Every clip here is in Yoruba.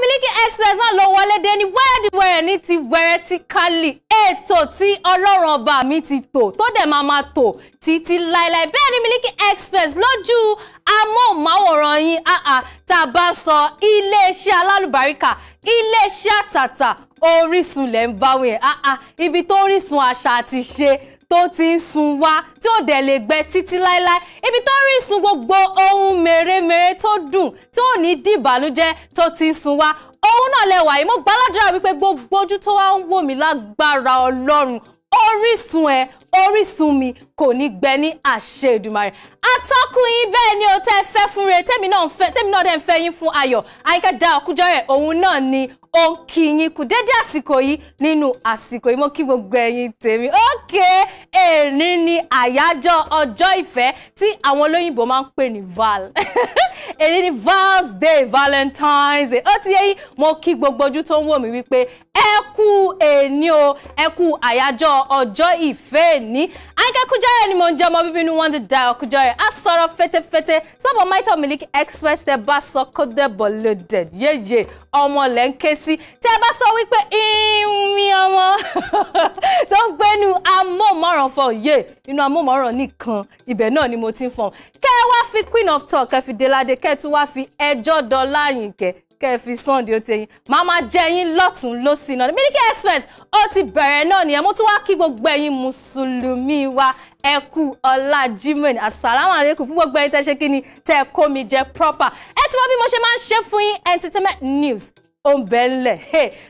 Miliki Express náà ló wọlé dé ní wẹ́rẹ́díwẹ̀rẹ̀ ní ti wẹ́rẹ́ ti kálí ètò tí ọlọ́run ọba mi ti tò tó dẹ̀ máa ma tò títí láéláé bẹ́ẹ̀ ni Miliki Express lójú amóhùnmáwòrán yín àà tá a bá sọ iléeṣẹ́ alálùbáríkà iléeṣẹ́ àtàtà Orísun lẹ́ ń báwẹ̀ àà ibi tó Orísun àṣà àti ṣe tó ti ń sun wá tí ò dẹ̀ lè gbẹ títí láéláé ibi tó rí sun gbogbo ohun mèremère tó dùn tí ò ní di ìbànújẹ́ tó ti ń sun wá òun náà lẹwà yìí mo gbàládùra wípé gbogbo ojú tó wá ń wò mí lágbára ọlọ́run orísun ẹ orísun mi kò ní gbẹ ní àṣẹ Èdùmàrè atọ́kùn yín bẹ́ẹ̀ ni o tẹ́ fẹ́ fún re tèmi náà dẹ̀ ń fẹ́ yín fún ayọ̀ àyíká dá ọkújọ́ rẹ̀ òun náà ni ó ń kí yín kù dédé àsìkò yìí nínú àsìkò yìí mo kí gbogbo ẹ̀yin tèmi ókè èní ni àyájọ́ ọjọ́ ìfẹ́ tí àwọn olóyìnbó máa ń pè ní val èní ni val's day valentine's day ó ti yẹ yín mo kí gbogbo ojú tó ń wò mí wípé ẹ kú èní o ẹ kú àyájọ́ ọjọ́ ìfẹ́ èní Àyìnkẹ́ Kújọrẹ́ ni mo ń jẹ́ ọmọ bíbí inú wọn ti da Kújọrẹ́ á sọ̀rọ̀ fẹ́tẹ́fẹ́tẹ́ sọ́bọ̀ Maitọ́ Miliki Express tẹ bá sọ kó dẹ̀ bọ̀ lóde yéye ọmọ lẹ́ńkẹ́sì sí tẹ́ ẹ bá sọ wípé ìrìn ọmọ tó ń gbénu amóhùnmáwòrán fọ yé inú amóhùnmáwòrán nìkan ibẹ̀ náà ni mo ti ń fọ̀n kẹ́ ẹ wá fi queen of talk kẹ́ fi déládé kẹ́ ẹ tún wá fi ẹjọ́ dọ́là yìí kẹ́ kẹ́ ẹ fi sàn di ó ti ẹyin máa máa jẹ yín lọ́tún lọ́sìn náà Miliki Express ó ti bẹ̀rẹ̀ náà nìyẹn mo tún wá kí gbogbo ẹyin mùsùlùmí wa ẹ kú ọlá Jimoh assalamu alaikum fún gbogbo ẹyin tẹ́ ṣe kí ni tẹ́ kó mi jẹ proper ẹ ti mọ bí mo ṣe máa ń ṣe fún yín entertainment news ó ń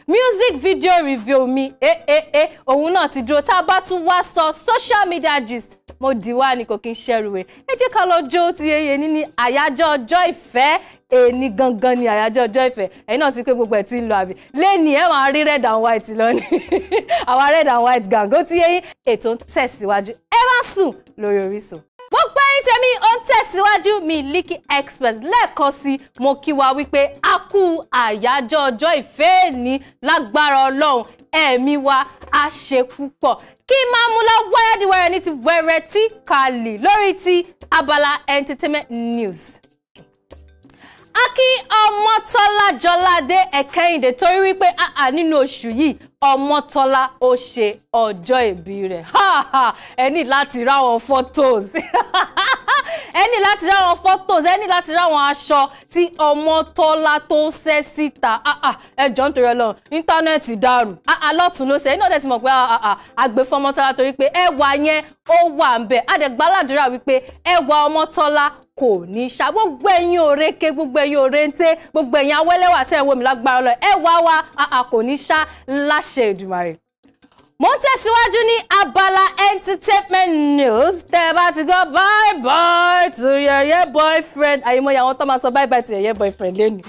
music video review mi eh, eh, eh, òun náà ti dúró tá a bá tún wá sọ social media gist mo dì wá ni kò kí n ṣẹ́rù rẹ̀ ẹ jẹ́ ká lọ jó ti yeye ni àyájọ́ ọjọ́ ìfẹ́ èní gangan ni àyájọ́ ọjọ́ ìfẹ́ ẹ̀yin náà ti pé gbogbo ẹ̀ ti ń lọ àbí lẹ́ni ẹ̀ wọ́n á red and white lónìí àwa red and white gàngó ti yẹyìn ètò ń tẹ̀síwájú ẹ má sùn lórí Orísun gbogbo ẹ̀yin tèmi ó ń tẹ̀síwájú Miliki Express lẹ́ẹ̀kan sí mo kí wa wípé a kú àyájọ́ ọjọ́ ìfẹ́ ní lágbára ọlọ́run ẹ̀mí wa á ṣe púpọ̀ kí máa mú lọ wáyà ní ti wẹ̀rẹ̀ tí kàlì lórí ti abala entertainment news akí ọmọtọ́lá jọládé ẹ̀kẹ́yìndé torí wípé àà ah, ah, nínú oṣù yìí ọmọtọ́lá ó ṣe ọjọ́ ìbí rẹ̀ ẹ ní láti ráwọn photos ẹ ní láti ráwọn photos ẹ ní láti ráwọn aṣọ tí ọmọtọ́lá tó ṣẹ́ síta ah, ẹ jọ nítorí Ọlọ́run íńtánẹ́ẹ̀tì dàrú lọ́tún ló ṣe ẹ náà dẹ̀ ti mọ̀ pé àgbẹ̀fọ́ ọmọtọ́lá torí pé ẹwà yẹn ó wà ń bẹ̀ àdẹ̀gbáládùúrà wípé ẹwà ọmọtọ́lá kò ní ṣá gbogbo ẹ̀yin òreke gbogbo ẹ̀yin òrente gbogbo ẹ̀yin awẹ́lẹ́wà tẹ́ ẹ̀ wò mí lágbára lọ ẹ wá wa a kò ní ṣá láṣẹ Èdùmàrè mo ń tẹ̀síwájú ní abala entertainment news tẹ́ ẹ bá ti gbọ́ bye bye to your yẹ̀yẹ́ boyfriend àyèmọ̀yà àwọn tó máa sọ bye bye to yẹ̀yẹ́ boyfriend lẹ́nu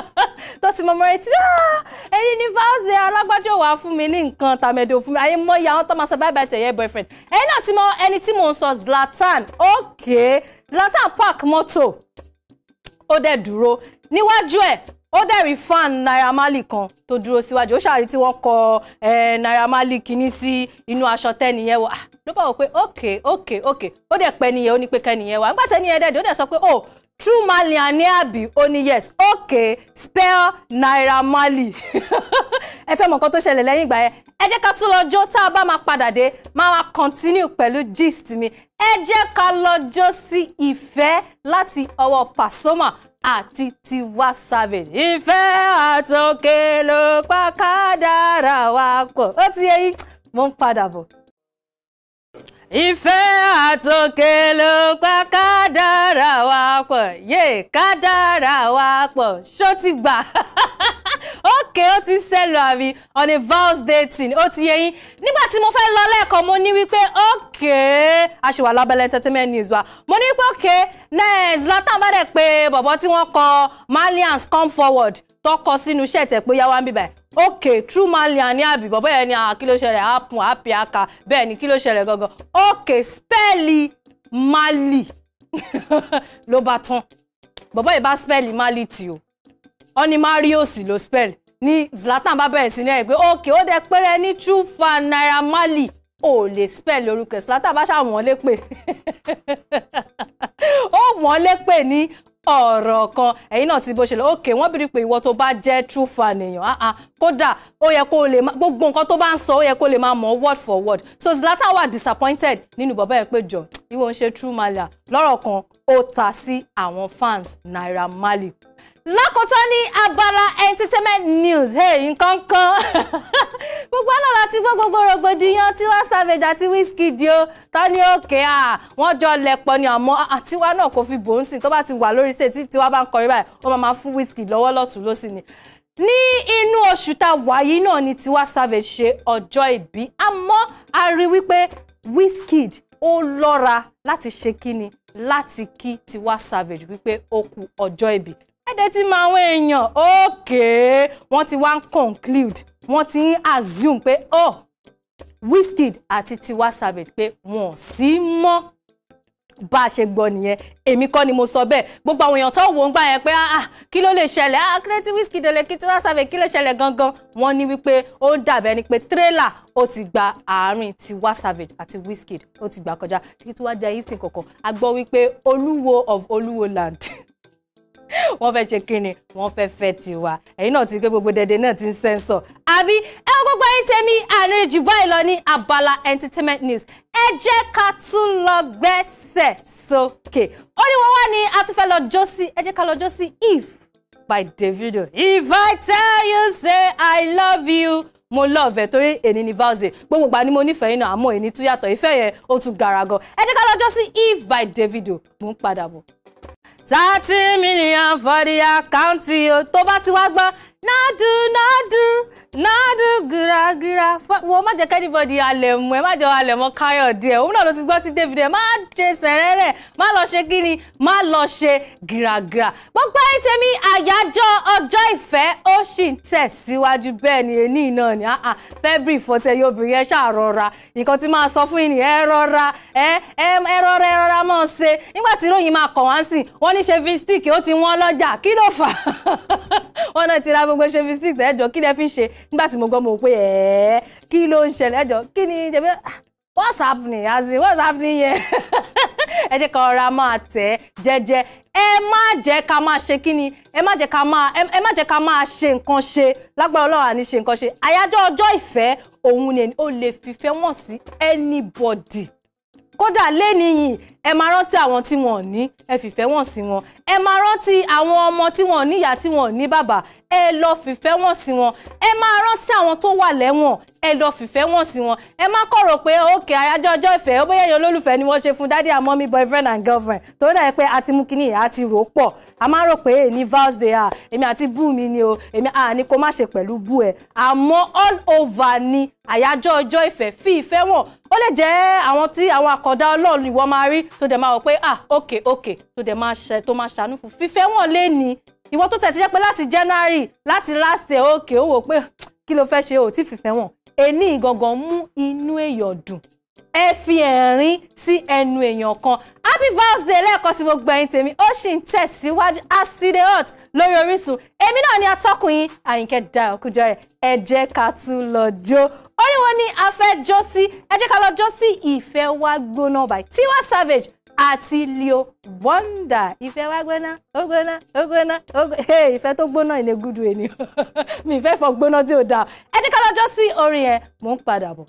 tó ti mọ̀mọ́ retí ah, ẹni ní fáwọ́sì alágbájọ wà fún mi ní nǹkan tàmẹ̀dọ̀ fún mi àyèmọ̀yà àwọn tó máa sọ bye bye to yẹ̀yẹ́ boyfriend ẹni náà ti mọ ẹni tí mò ń sọ Zlatan okay Zlatan park moto o dẹ̀ duro n'iwaju e o dẹ̀ fan Naira mali kan duro siwaju o ó ti won wọ́n Naira mali kini si inu aṣọ tẹ́niyẹn wà ah, ló bá wò pé ok ok ok ó o pẹ́ niyẹn ó ní pé kẹ́niyẹn wà nígbà True Mali and Abbey ó ní yes okay spell Naira Mali. ẹ fẹ́ mọ̀ nǹkan tó ṣẹlẹ̀ lẹ́yìn ìgbà yẹn ẹ jẹ́ ká tún lọ jó tá a bá máa padà dé máa máa continue pẹ̀lú gist mi ẹ jẹ́ ká lọ jó sí ìfẹ́ láti ọwọ́ Pasuma àti Tiwa Savage ìfẹ́ àtòkè ló pa kádàrá wa pọ̀ ó ti yẹ yín mo ń padà bọ̀ ìfẹ́ àtòkè ló pa kádàrà wa pọ̀ yé kádàrà wa pọ̀ ṣó ti gbà ókè ó ti sẹ́lọ̀ àbí on a vows dating ó ti yé yín nígbà tí mo fẹ́ lọ lẹ́ẹ̀kan mo ní wípé ókè aṣèwà lábẹ́lẹ̀ entertainment news wa mo ní wípé ókè next Zlatan bá dẹ̀ pé bọ̀bọ̀ tí wọ́n kọ Malians come forward tọkọ sínú iṣẹ́ ìtẹ̀ pé yáwá ń bíbà ok true malian ní àbí bọ̀ bẹ́ẹ̀ ni ah, kí ló ṣẹlẹ̀ apun àpì aka bẹ́ẹ̀ ni kí ló ṣẹlẹ̀ gangan ok spẹ́ẹ̀lì mali ló bá tán bọ̀bọ́ yìí bá spẹ́ẹ̀lì mali tì o ọ ní marius ló spẹ́ẹ̀lì ní zlatan bá bẹ̀rẹ̀ sí ní ẹ̀rìn pé ok ó dẹ péré ní true fan naira mali ò lè spẹ́ẹ̀lì orúkọ zlatan bá ṣàwọn lépè ó wọ́n lépè ní ọ̀rọ̀ kan ẹ̀yin náà ti bó ṣe lọ òkè wọ́n bìrì pé ìwọ tó bá jẹ́ true fan èèyàn ah ah kódà ó yẹ kó lè gbogbo nǹkan tó bá ń sọ ó yẹ kó lè máa mọ̀ word for word so Zlatan wà disappointed nínú bàbá yẹn pé jọ ìwọ ń ṣe true malia lọ́rọ̀ kan ó ta sí àwọn fans Naira Mali lọ́kọ̀tán ní abala entertainment news nǹkan kan gbogbo náà láti gbọ́ gbogbo rògbòdìyàn Tiwa Savage àti Wizkid o ta ni òkè à wọ́n jọ lẹ̀pọ̀ ni àmọ́ àtiwá náà kò fi bò ń sìn tó bá ti wà lórí ṣe tí Tiwa bá ń kọrin báyìí ó máa fún Wizkid lọ́wọ́ lọ́tún lọ́sìn ni ní inú oṣù tá wàyí náà ni Tiwa Savage ṣe ọjọ́ ìbí àmọ́ a rí wípé Wizkid ó lọ́ra láti ṣe kíni láti kí Tiwa Savage wípé ó kú ọjọ́ ìbí ẹ̀dẹ̀ ti mọ àwọn èèyàn okay wọ́n ti wá ń conclude wọ́n ti ń assume pé oh whiskey. àti Tiwa Savage pé wọ́n sí mọ́ bá a ṣe gbọ́ nìyẹn èmi kọ́ ni mo sọ bẹ́ẹ̀ gbogbo àwọn èèyàn tó wò ń gbà yẹn pé ah, ah kí ló lè ṣẹlẹ̀ ah creative whiskey lè kí Tiwa Savage kí ló ṣẹlẹ̀ gangan wọ́n ní wípé ó dàbẹ́ ni pé tírélà ó ti gba àárín Tiwa Savage àti whiskey. ó ti gbà kọjá títí wá jẹ́ ìsìn kọ̀ọ̀kan a gbọ́ wípé olúwo of olúwo land wọ́n fẹ́ ṣe kíni wọ́n fẹ́ fẹ́ tiwa ẹ̀yin náà ti gbé gbogbo dẹ̀dẹ̀ náà ti ń sẹ́ńsọ̀ àbí ẹ wọ́n gbogbo ẹ̀yin tèmi àárín jù báyìí lọ ní abala entertainment news ẹ jẹ́ ká tún lọ gbẹ́sẹ̀ sókè ó ní wọ́n wá ní a tún ẹ jẹ́ ká lọ jó if by Davido if I tell you say I love you mo love ẹ torí èní ni valze gbogbo ìgbà ni mo nífẹ̀ẹ́ yín náà àmọ́ èní tún yàtọ̀ ìfẹ́ yẹn ó tún gara ẹ jẹ́ ká lọ jó if by Davido mo ń padà bọ̀ thirty million for the account o tó bá ti wá gbọ́ nádùn nádùn nádù gíragíra wo má jẹ́ kẹ́nìbọ̀dì alẹ̀ mọ́ ẹ má jọ alẹ̀ mọ́ káyọ̀dé ẹ̀ òun náà ló ti gbọ́ tí david ẹ̀ má ṣe sẹ̀rẹ̀rẹ̀ má lọ ṣe kíni má lọ ṣe gíragíra gbogbo ẹ̀yin tèmi àyájọ́ ọjọ́ ìfẹ́ ó sì ń tẹ̀síwájú bẹ́ẹ̀ ni èní náà ni february fọtẹ yóò bìrì ẹ ṣáà rọra nǹkan tí máa sọ fún yìnyín ẹ rọra ẹ ẹ rọra ẹ rọra máa ṣe nígbà tí ìròyìn máa kàn wá sí wọn ní ṣe fi stick ó ti wọ́n lọ́jà kí ló fà á náà ti ra gbogbo ṣe fi stick ẹjọ́ kí lẹ fi ṣe nígbà tí mo gbọ́ mo pé ẹ̀ẹ́ kí ló ń ṣẹlẹ̀ ẹjọ́ kí ni ṣe ah, what's happening as in what's happening yẹn ẹ jẹ́ ká ọ̀rá máa tẹ̀ ẹ́ jẹ́jẹ́ ẹ má jẹ́ ká máa ṣe kí ni ẹ má jẹ́ ká máa ẹ má jẹ́ ká máa ṣe nǹkan ṣe lágbára ọlọ́run àní ṣe nǹkan ṣe àyájọ́ ọjọ́ ìfẹ́ òun ni o lè fìfẹ́ wọ̀n sí anybody kódà lẹ́nìyìn ẹ máa rántí àwọn tí wọn ò ní ẹ fìfẹ́ wọn sí wọn ẹ máa rántí àwọn ọmọ tí wọn ò ní ìyá tí wọn ò ní bàbá ẹ lọ fìfẹ́ wọn sí wọn ẹ máa rántí àwọn tó wà lẹ́wọ̀n ẹ lọ fìfẹ́ wọn sí wọn ẹ má kọ̀rọ̀ pé òkè àyájọ́ ọjọ́ ìfẹ́ ó bóyá ẹ̀yin olólùfẹ́ ni wọ́n ṣe fún dádì àmọ́ mi boyfriend and girlfriend tó dà pé a ti mú kínní ìyá àti rò pọ̀ a máa rò pé èyí vows day à ah, èmi àti bú mi ni o èmi à ah, ní kó má ṣe pẹ̀lú bú ẹ àmọ́ all over ni àyájọ́ ọjọ́ ìfẹ́ fi ìfẹ́ wọn ó lè jẹ́ àwọn tí àwọn àkọ́dá ọlọ́run ìwọ máa rí tó dẹ̀ máa wọ̀ pé ah ok ok tó dẹ̀ máa ṣe tó máa ṣàánú fún fífẹ́ wọn lé ní ìwọ tó tẹ̀ ti jẹ́ pé láti January láti last year ok ó wò pé kí ló fẹ́ ṣe ò tí fìfẹ́ wọn ẹni ìgangan mú inú èèyàn dùn ẹ fi ẹ̀rín sí ẹnu èèyàn kan happy birthday lẹ́ẹ̀kan sí gbogbo ẹ̀yin tèmi ó sì ń tẹ̀síwájú aside hot lórí Orísun èmi náà ni atọ́kùn yín Àyìnkẹ́ Dayọ̀ Kújọrẹ̀ ẹ jẹ́ ká tún lọ jó oníwọ̀n ni a fẹ́ jó sí ẹ jẹ́ ká lọ jó sí ìfẹ́ wa gbóná by Tiwa Savage àti Leo Wonder ìfẹ́ wa gbóná ó gbóná ó gbóná ó gbóná ìfẹ́ tó gbóná ìní gúdù ènìyàn mi ìfẹ́ fọ gbóná tí ò dáa ẹ jẹ́ ká lọ́jọ́ sí orin yẹn mò ń padà bọ̀.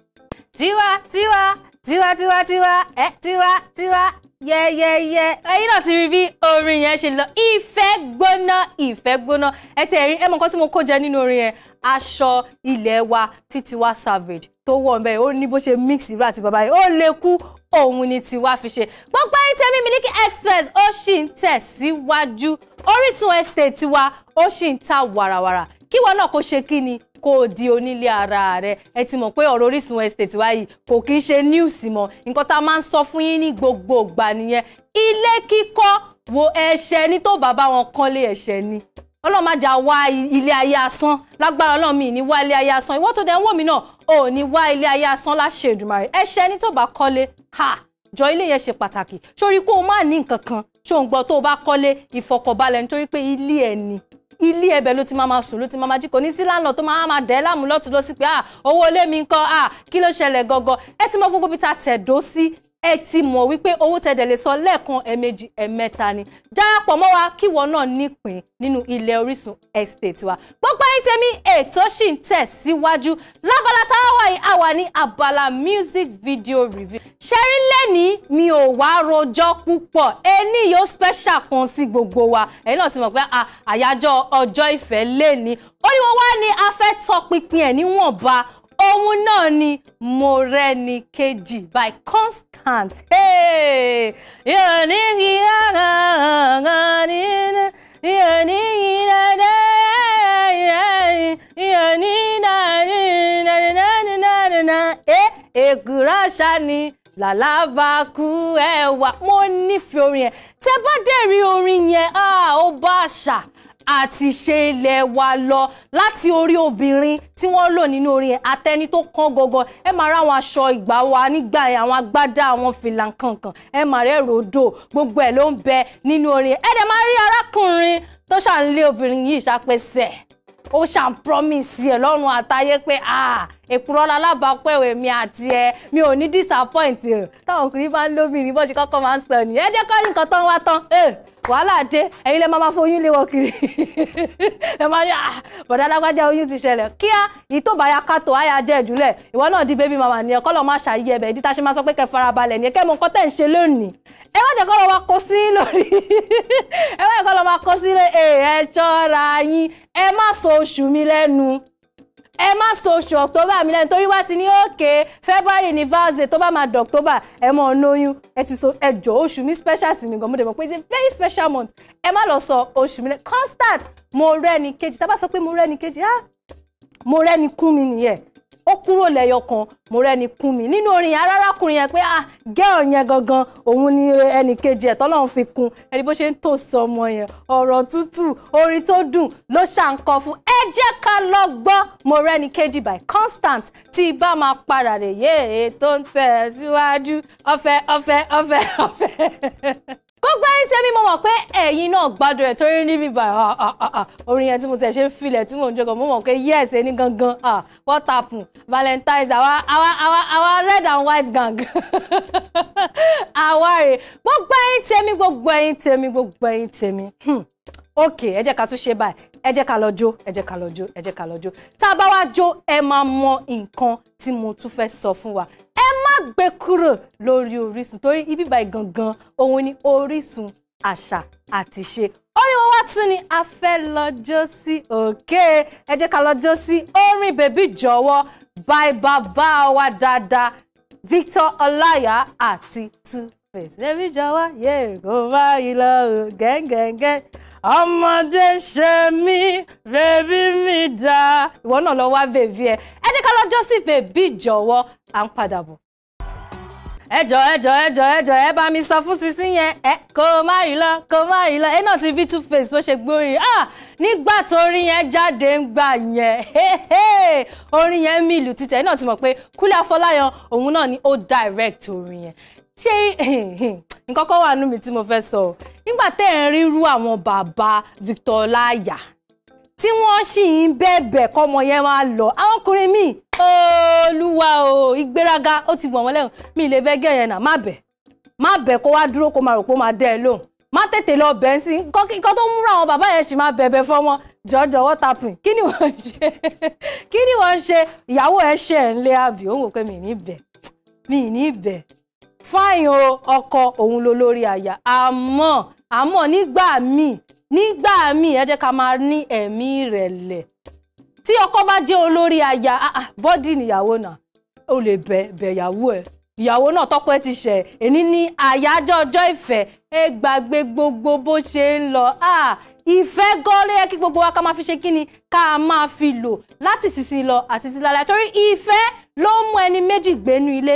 tiwa tiwa tiwa tiwa tiwa ẹ tiwa tiwa yẹyẹyẹ ẹ̀yin náà ti rí bí orin yẹn ṣe lọ ìfẹ́ gbóná ìfẹ́ gbóná ẹ tẹ ẹ̀rín ẹ mọ nǹkan tí mo kó jẹ nínú orin yẹn aṣọ ilé wa Tiwa Savage tó wọ̀ ọ́ bẹ́ẹ̀ ó ní bó ṣe mix irú àti bàbá yìí ó lè kú òun ni tiwa fi ṣe gbogbo ẹ̀yin tẹ̀mí Miliki Express ó sì ń tẹ̀síwájú Orísun estate tiwa ó sì ń ta wàràwàrà kí wọn náà kó ṣe kí ni kó o di onílé ara rẹ ẹ ti mọ̀ pé ọ̀rọ̀ Orísun estate wa yìí kò kí ń ṣe news mọ́ nǹkan tá a máa ń sọ fún yín ní gbogbo ìgbà nìyẹn ilé kíkọ́ wo ẹ̀ṣẹ̀ ní tó bàbá wọn kọ́lé ẹ̀ṣẹ̀ ni ọlọ́run má jà wá ilé ayé asán lágbára ọlọ́run mi ní wá ilé ayé asán ìwọ́n tó dẹ̀ ń wò mí náà ò ní wá ilé ayé asán láṣẹ Èdùmàrè ẹ̀ṣẹ̀ ẹni tó bá kọ́lé ha jọ ilé yẹn ṣe pàtàkì sórí kó o má ní nǹkan kan ṣó ń gbọ́ tó o bá kọ́lé ìfọkànbalẹ̀ nítorí pé ilé ẹni ilé ẹbẹ ló ti máa máa sùn ló ti máa máa jí kò ní sí láńlọ tó máa máa dẹ láàmú lọtún lọ sí pé ah, owó ilé mi ń kọ ah, kí ló ṣẹlẹ̀ gangan ẹ ti mọ gbogbo bí ta tẹ̀dó sí ẹ ti mọ̀ wípé owó tẹ̀dẹ̀ lè sọ lẹ́ẹ̀kan ẹ̀ẹ̀mejì ẹ̀ẹ̀mẹ́ta ni darapọ̀ mọ́ wa kíwọ náà nípìn nínú ilẹ̀ Orísun estate wa gbogbo ẹ̀yin tèmi ètò ṣì ń tẹ̀síwájú lábala tá a wà yìí a wà ní abala music video review ṣẹ́rí lẹ́ni mi ò wá rojọ́ púpọ̀ ẹni yóò special kan sí gbogbo wa ẹ̀yin náà ti mọ̀ pé àyájọ́ ọjọ́ ìfẹ́ lẹ́ni ó ní wọ́n wá ní afẹ́ tọpinpin ẹ̀ níwọ̀nba òun náà ni Mọ́rẹ́níkejì by Constant. yóò ní kí ara ara nínú yóò ní kí dada yóò ní dada èkúrọ̀ ṣá ni làlábà kú ẹwà mo nífẹ̀ẹ́ orin yẹn tẹ́ bá dẹ̀ rí orin yẹn ah, ó bá àṣà àti ṣe ilẹ̀ wa lọ láti orí obìnrin tí wọ́n lò nínú orin àtẹni tó kán gọgọ ẹ máa ráwọn aṣọ ìgbà wa nígbà yẹn àwọn agbádá àwọn fìlà kankan ẹ máa rẹ ròdò gbogbo ẹ ló ń bẹ nínú orin ẹ dẹ̀ máa rí arákùnrin tó ṣàǹlé obìnrin yìí ṣàpèsè ó ṣàn promise ẹ lọ́rùn àtayé pé èkúrọ́ lalábàápẹ́ òwe mi àti ẹ mi ò ní disappoint ẹ táwọn ọkùnrin bá ń lóbìnrin bó ṣe kọ́kọ́ máa ń sọ nìyẹn ẹ jẹ́ kọ́ nǹkan tán wá tán wàhálà dé ẹ̀yin lẹ máa máa foyún lé wọn kiri ẹ máa ní ah bọ̀dá alágbájá oyún ti ṣẹlẹ̀ kíá ìtòbáyà kátó àyà jẹ́ ìjùlẹ̀ ìwọ náà di bébí màmá ni ẹ kọ́ lọ́ọ́ máa ṣàyẹ̀ ẹ̀bẹ̀ ìdí tá a ṣe máa sọ pé kẹ́ farabalẹ̀ ni ẹ kẹ́ mọ nǹkan tẹ̀ ń ṣe lónìí ẹ má jẹ́ kọ́ lọ́ máa kó sí lórí ẹ má jẹ́ kọ́ lọ́ máa kó sí lórí ẹ ṣọ́ra yín ẹ má sọ oṣù mi lẹ́nu ẹ má so oṣù october mi lẹ́nu torí wá ti ní òkè february ní valze tó bá máa dọ̀ october ẹ mọ̀ lóyún ẹ ti so ẹjọ́ oṣù mi special sí mi gan mo dẹ̀ mọ̀ pé it's a very special month ẹ má lọ sọ oṣù mi lẹ́nu constant mo rẹ́ni kejì tá a bá sọ pé mo rẹ́ni kejì ah mo rẹ́ni kún mi nìyẹn ó kúrò lẹ́yọ kan mo rẹ́ni kún mi nínú orin arárakùnrin yẹn pé ah girl yẹn gangan òun ni ẹnì kejì ẹ̀ tọ́lọ́run fi kún ẹni bó ṣe ń tò sí ọmọ yẹn ọ̀rọ̀ tútù orin tó dùn ló ṣàǹkọ fún ẹ jẹ́ ká lọ gbọ́ mo rẹ́ni kejì by constant tí bá máa para rè yé ètò ń tẹ̀ síwájú ọ̀fẹ́ ọ̀fẹ́ ọ̀fẹ́ ọ̀fẹ́. gbogbo ẹni tẹ́mi mo mọ̀ pé ẹ̀yin náà gbádùn ẹ̀ torí níbi báyìí ah, ah, ah, orin yẹn tí mo tẹ̀ ṣe ń filẹ̀ tí mò ń jọkọ̀ mo mọ̀ pé yes ẹni gangan what happen valentines àwa àwa àwa àwa red and white gang àwa rè gbogbo ẹyin tẹ́mi gbogbo ẹyin tẹ́mi gbogbo ẹyin tẹ́mi. Hmm ok ẹ jẹ́ ká tún ṣe báyìí ẹ jẹ́ ká lọ jó ẹ jẹ́ ká lọ jó ẹ jẹ́ ká lọ jó tá a bá wá jó ẹ máa mọ nǹkan tí mo tún fẹ́ sọ fún wa ẹ má gbé kúrò lórí Orísun torí ibi báyìí gangan òun ni Orísun àṣà àti ṣe orin wọn wá tún ni a fẹ́ lọ jó sí òkè ẹ jẹ́ ká lọ jó sí orin bèbí jọ̀wọ́ báyìí bàbá wa dáadáa Victor Ọláyà àti tún. Bèsèmi jáwá yé kó báyìí lọ rò gang. Ọmọdé ṣe mí, bèbí mi dá. Ìwọ náà lọ wá bèbí ẹ. Ẹ jẹ́ ká lọ́jọ́ sí bèbí jọ̀wọ́, à ń padà bọ̀. Ẹjọ̀ ẹjọ̀ ẹjọ̀ ẹjọ̀ ẹ bá mi sọ fún sisi yẹn. Ẹ kó má yìí lọ, kó má yìí lọ. Ẹ ti bí face bó ṣe gbórin. Ah! Nígbà tó orin yẹn jáde ń gbà yẹn. Orin yẹn mìlù títẹ̀. Ẹ náà ti mọ̀ pé Kúlẹ̀ Afọláyan òun náà ni ó direct orin yẹn ṣé nǹkan kan wà nínú mi tí mo fẹ́ sọ o nígbà tẹ́ ẹ̀ ń rírú àwọn bàbá Victor Ọláìyá tí wọ́n sì ń bẹ̀bẹ̀ kọ́mọ yẹn máa lọ àwọn ọkùnrin míì olúwa o ìgbéraga ó ti wọ̀n wọ́n lẹ́hìn mi lè bẹ́ gẹ̀ yẹn náà má bẹ̀ má bẹ̀ kó wá dúró kó máa rò pé ó máa dẹ́ ẹ lóhùn má tètè lọ bẹ̀ ń sí nǹkan tó ń múra àwọn bàbá yẹn sì máa bẹ̀bẹ̀ fọ́ wọn jọjọ what happen kí ni wọ́n ṣe kí ni wọ́n ṣe ìyàwó ẹ ṣe ẹ̀ ń lé àbí òun kò pé mi ní bẹ̀ mi ní bẹ̀ fáìn o ọkọ òun ló lórí àyà àmọ́ àmọ́ nígbà míì nígbà míì ẹ jẹ́ ká máa ní ẹ̀mí ìrẹ̀lẹ̀ tí ọkọ bá jẹ́ olórí àyà ah, ah, bọ́dì nìyàwó náà o lè bẹ bẹ̀yàwó ẹ̀ ìyàwó náà tọ́pẹ́ ti ṣe èní ní àyájọ́ ọjọ́ ìfẹ́ ẹ gbàgbé gbogbo bó ṣe ń lọ ah, ìfẹ́ gọ́ọ́lé ẹ kí gbogbo wa ká máa fi ṣe kí ni ká máa fi lò láti sísìn lọ àti sísìn lálẹ́ torí ìfẹ́ ló ń mú ẹni méjì gbénú ilé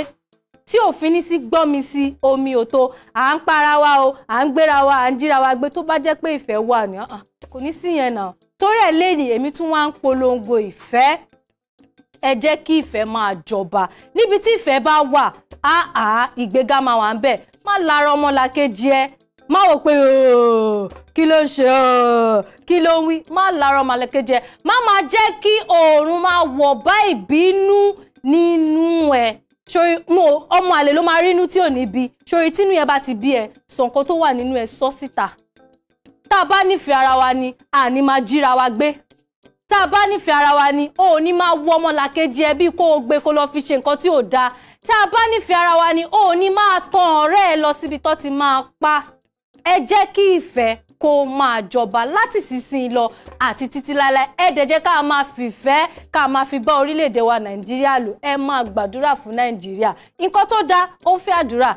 tí òfin ní sí gbọ́ mi sí omi òtó à ń para wa o à ń gbéra wa à ń jíra wa gbé tó bá jẹ́ pé ìfẹ́ wà ní uh-uh, kò ní sí yẹn náà torí ẹ̀ lẹ́yìn èmi tún wá ń polongo ìfẹ́ ẹ jẹ́ kí ìfẹ́ máa jọba níbi tí ìfẹ́ bá wà áà ìgbéga máa wà ń bẹ̀ má lára ọmọlàkejì ẹ má wò pé kí ló ń ṣe kí ló ń wí má lára ọmọlàkejì ẹ má máa jẹ́ kí oòrùn máa wọ̀ bá ìbínú nínú ẹ ṣorí mo omo àlè ló máa rí inú tí ò ní bí ṣorí tínú yẹn ti bi e. sọ nǹkan tó wà nínú ẹ sọ síta tá a bá nífẹ̀ẹ́ ara wa ni àní máa jíra wa gbé tá a bá nífẹ̀ẹ́ ara wa ni ó ní máa wọ ọmọlàkejì ẹ bí kó o gbé kó lọ fi ṣe nǹkan tí ò dáa tá a bá nífẹ̀ẹ́ ara wa ni ó ní máa tan ọ̀rẹ́ ẹ lọ síbi tó ti máa pa ẹ jẹ́ kí ìfẹ́ kó máa jọba láti sísìn lọ àti títí láéláé ẹ dẹ̀ jẹ́ ká máa fìfẹ́ ká máa fi bá orílẹ̀-èdè wa nàìjíríà lò ẹ máa gbàdúrà fún nàìjíríà nǹkan tó dáa ó ń fẹ́ àdúrà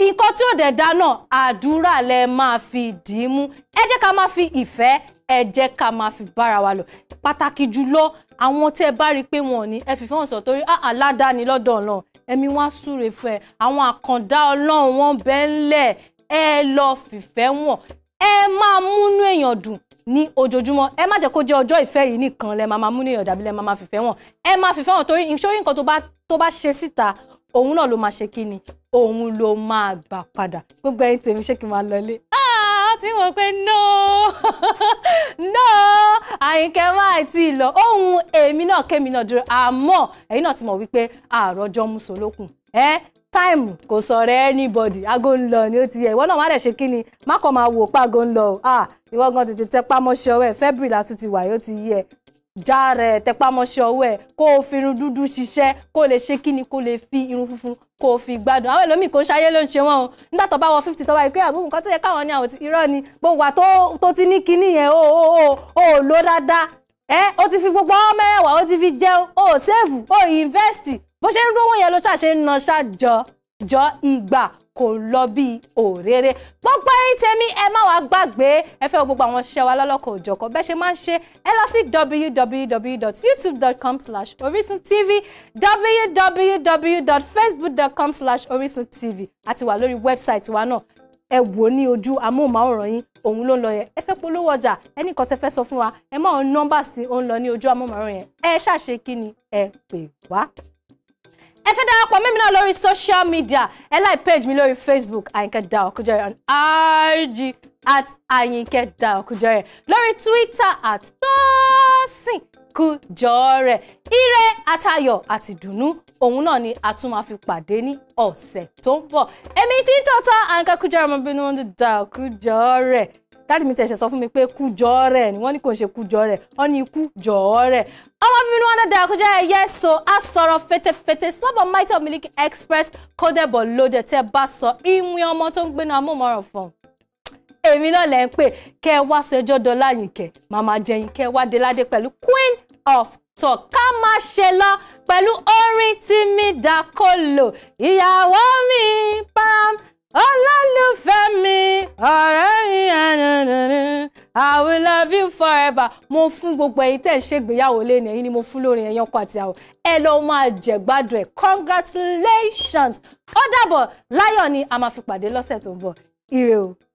nǹkan tí ò dẹ̀ dáa náà àdúrà lẹ máa fi dì í mú ẹ jẹ́ ká máa fi ìfẹ́ ẹ jẹ́ ká máa fi bára wa lò pàtàkì jùlọ àwọn tẹ́ ẹ bá rí i pé wọn ò ní ẹ fìfẹ́ hàn torí aládàáni lọ́dọ̀ ọ̀nà ẹ̀mí wá súre fún ẹ àwọn àkàndá ọlọ́run wọn bẹ́ẹ̀ ńlẹ̀ ẹ lọ fìfẹ́ wọn ẹ máa múnú èèyàn dùn ní ojoojúmọ́ ẹ má jẹ́ kó jẹ́ ọjọ́ ìfẹ́ yìí nìkan lẹ máa múnú èèyàn dàbí lẹ máa fìfẹ́ wọn ẹ máa fìfẹ́ wọn torí ìṣòrí nǹkan tó bá ṣe síta òun náà ló máa ṣe kí ni òun ló máa gbà padà gbogbo ẹ̀yin tèmi ṣé kí n máa lọlé ah, tí mo pé no no àyìnkẹ́ máa ti lọ ohun èmi náà kémi náà dúró àmọ́ ẹ̀yin náà ti mọ̀ wípé àròjọ mùsùlùkùn ẹ time kò sọ̀rọ̀ anybody aago ń lọ ni ó ti yẹ ìwọ náà má dẹ̀ ṣe kí ni má kàn máa wò pa aago ń lọ ah ìwọ gan tètè tẹpá mọ́ṣẹ́ ọwọ́ ẹ̀ february la tún ti wà yóò ti yẹ já rẹ̀ tẹpá mọ́ṣẹ́ ọwọ́ ẹ̀ kó o fi irun dúdú ṣiṣẹ́ kó o lè ṣe kí ni kó o lè fi irun funfun kó o fi gbádùn àwọn ẹlòmíì kò ń ṣayé ló ń ṣe wọn o nígbà tó bá wọ fifty tó bá yìí pé àbúrò nǹkan tó yẹ káwọn ní àwọn irọ́ ni gbogbo àtó tó ti ní kinní yẹn o o o o lò dáadáa ẹ o ti fi gbogbo ọmọ ẹwà o ti fi save o invest bó ṣe ń rówó yẹn ló ṣàṣe ń na ṣáàjọ jọ ìgbà kò lọ bí òréré gbogbo ẹ̀yin tèmi ẹ má wàá gbàgbé ẹ fẹ́ gbogbo àwọn ṣẹ́ wa lọ́lọ́kọ̀ òjọ̀kọ̀ bẹ́ẹ̀ ṣe máa ń ṣe ẹ lọ sí www.youtube.com slash orisuntv www.facebook.com slash orisuntv àti wà lórí wẹ́bsáìtì wa náà ẹ wò ní ojú amóhùnmáwòrán yín òun ló ń lọ yẹn ẹ fẹ́ polówó ọjà ẹnì kan tẹ fẹ́ sọ fún wa ẹ má ọ nọ́mbà sí òun lọ ní ojú amóhùnmáwòrán yẹn ẹ ṣàṣe kí ni ẹ pè wá ẹ fẹ́ darapọ̀ mímí náà lórí social media ẹ láì page mi lórí Facebook Àyìnkẹ́ Dayo Kujore on IG at Àyìnkẹ́ Dayo Kujore lórí Twitter at Tosin Kujore ire àtayọ̀ àti ìdùnnú òun náà ni a tún máa fi pàdé ní ọ̀sẹ̀ tó ń bọ̀ èmi tí tọ́tọ́ Àyìnkẹ́ ọmọbìnrin wọn ti Dayo Kujore dáàdì mi tẹ̀sẹ̀ sọ fún mi pé kú jọ rẹ̀ ni wọ́n ní kò ń ṣe kú jọ rẹ̀ wọ́n ní ikú jọ rẹ̀. ọmọ bíbí wọn dáadáa kó ẹyẹ so a sọ̀rọ̀ fetefete small might of Miliki Express kódẹ̀bọ̀ lóde tẹ́ bá sọ ìwìn ọmọ tó ń gbénu amóhùnmáwòrán fún un èmi náà lẹ́ ń pè kẹ́ ẹ wá sọ ẹjọ́ dọ́là yìí kẹ́ màmá jẹyìn kẹ́ ẹ wá deládé pẹ̀lú queen of tọ̀ ká máa ṣe lọ pẹ̀lú orin tí mi dà kó lò ìyàwó mi pam olólùfẹ́ mi ọ̀rẹ́ mi I will love you forever mo fún gbogbo ẹ̀yin tẹ̀ ń ṣègbéyàwó lẹ́nu ẹ̀yin ni mo fún lórí ẹ̀yán ọkọ àti àwọn ẹ lọ́ọ́ máa jẹ̀gbádùn ẹ̀ congratulations ó dàbọ̀ láyọ̀ ni a máa fi pàdé lọ́sẹ̀ tó ń bọ̀ ire o.